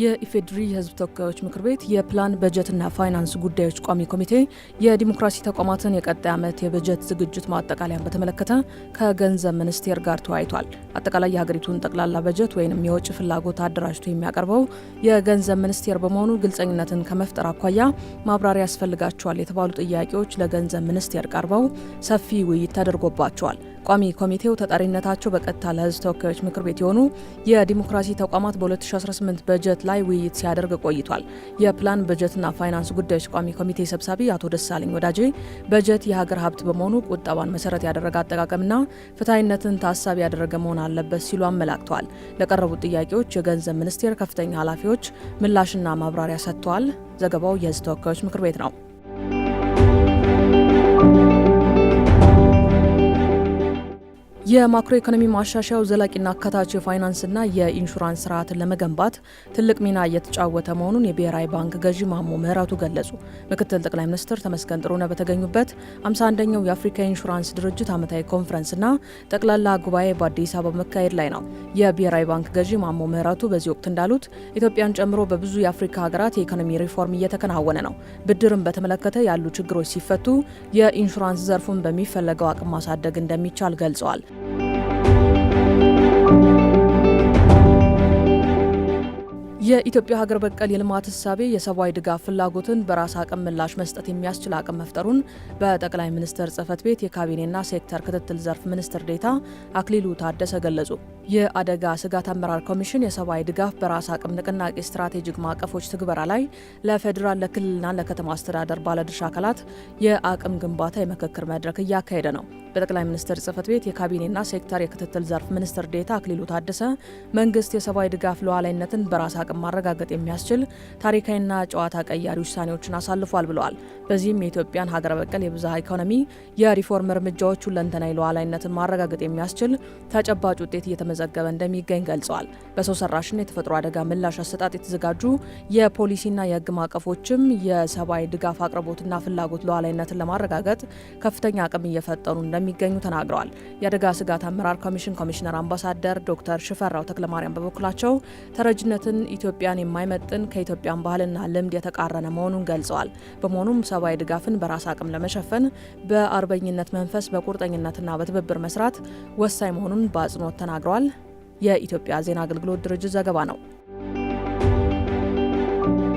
የኢፌዴሪ የህዝብ ተወካዮች ምክር ቤት የፕላን በጀትና ፋይናንስ ጉዳዮች ቋሚ ኮሚቴ የዲሞክራሲ ተቋማትን የቀጣይ ዓመት የበጀት ዝግጅት ማጠቃለያን በተመለከተ ከገንዘብ ሚኒስቴር ጋር ተወያይቷል። አጠቃላይ የሀገሪቱን ጠቅላላ በጀት ወይም የወጪ ፍላጎት አደራጅቶ የሚያቀርበው የገንዘብ ሚኒስቴር በመሆኑ ግልጸኝነትን ከመፍጠር አኳያ ማብራሪያ ያስፈልጋቸዋል የተባሉ ጥያቄዎች ለገንዘብ ሚኒስቴር ቀርበው ሰፊ ውይይት ተደርጎባቸዋል። ቋሚ ኮሚቴው ተጠሪነታቸው በቀጥታ ለህዝብ ተወካዮች ምክር ቤት የሆኑ የዲሞክራሲ ተቋማት በ2018 በጀት ላይ ውይይት ሲያደርግ ቆይቷል። የፕላን በጀትና ፋይናንስ ጉዳዮች ቋሚ ኮሚቴ ሰብሳቢ አቶ ደሳለኝ ወዳጄ በጀት የሀገር ሀብት በመሆኑ ቁጠባን መሰረት ያደረገ አጠቃቀምና ፍትሐዊነትን ታሳቢ ያደረገ መሆን አለበት ሲሉ አመላክተዋል። ለቀረቡት ጥያቄዎች የገንዘብ ሚኒስቴር ከፍተኛ ኃላፊዎች ምላሽና ማብራሪያ ሰጥተዋል። ዘገባው የህዝብ ተወካዮች ምክር ቤት ነው። የማክሮ ኢኮኖሚ ማሻሻያው ዘላቂና አካታች የፋይናንስና የኢንሹራንስ ስርዓትን ለመገንባት ትልቅ ሚና እየተጫወተ መሆኑን የብሔራዊ ባንክ ገዢ ማሞ ምህረቱ ገለጹ። ምክትል ጠቅላይ ሚኒስትር ተመስገን ጥሩነህ በተገኙበት 51ኛው የአፍሪካ ኢንሹራንስ ድርጅት ዓመታዊ ኮንፈረንስና ጠቅላላ ጉባኤ በአዲስ አበባ መካሄድ ላይ ነው። የብሔራዊ ባንክ ገዢ ማሞ ምህረቱ በዚህ ወቅት እንዳሉት ኢትዮጵያን ጨምሮ በብዙ የአፍሪካ ሀገራት የኢኮኖሚ ሪፎርም እየተከናወነ ነው። ብድርን በተመለከተ ያሉ ችግሮች ሲፈቱ የኢንሹራንስ ዘርፉን በሚፈለገው አቅም ማሳደግ እንደሚቻል ገልጸዋል። የኢትዮጵያ ሀገር በቀል የልማት እሳቤ የሰብአዊ ድጋፍ ፍላጎትን በራስ አቅም ምላሽ መስጠት የሚያስችል አቅም መፍጠሩን በጠቅላይ ሚኒስትር ጽህፈት ቤት የካቢኔና ሴክተር ክትትል ዘርፍ ሚኒስትር ዴታ አክሊሉ ታደሰ ገለጹ። የአደጋ ስጋት አመራር ኮሚሽን የሰብአዊ ድጋፍ በራስ አቅም ንቅናቄ ስትራቴጂክ ማዕቀፎች ትግበራ ላይ ለፌዴራል ለክልልና ለከተማ አስተዳደር ባለድርሻ አካላት የአቅም ግንባታ የምክክር መድረክ እያካሄደ ነው። በጠቅላይ ሚኒስትር ጽህፈት ቤት የካቢኔና ሴክተር የክትትል ዘርፍ ሚኒስትር ዴታ አክሊሉ ታደሰ መንግስት የሰብአዊ ድጋፍ ሉዓላዊነትን በራስ አቅም ማረጋገጥ የሚያስችል ታሪካዊና ጨዋታ ቀያሪ ውሳኔዎችን አሳልፏል ብለዋል። በዚህም የኢትዮጵያን ሀገር በቀል የብዝሃ ኢኮኖሚ የሪፎርም እርምጃዎች ሁለንተናዊ ሉዓላዊነትን ማረጋገጥ የሚያስችል ተጨባጭ ውጤት እየተመዘገበ እንደሚገኝ ገልጸዋል። በሰው ሰራሽና የተፈጥሮ አደጋ ምላሽ አሰጣጥ የተዘጋጁ የፖሊሲና የህግ ማዕቀፎችም የሰብአዊ ድጋፍ አቅርቦትና ፍላጎት ሉዓላዊነትን ለማረጋገጥ ከፍተኛ አቅም እየፈጠሩ እንደሚ እንደሚገኙ ተናግረዋል። የአደጋ ስጋት አመራር ኮሚሽን ኮሚሽነር አምባሳደር ዶክተር ሽፈራው ተክለማርያም በበኩላቸው ተረጅነትን ኢትዮጵያን የማይመጥን ከኢትዮጵያን ባህልና ልምድ የተቃረነ መሆኑን ገልጸዋል። በመሆኑም ሰብአዊ ድጋፍን በራስ አቅም ለመሸፈን በአርበኝነት መንፈስ በቁርጠኝነትና በትብብር መስራት ወሳኝ መሆኑን በአጽንኦት ተናግረዋል። የኢትዮጵያ ዜና አገልግሎት ድርጅት ዘገባ ነው።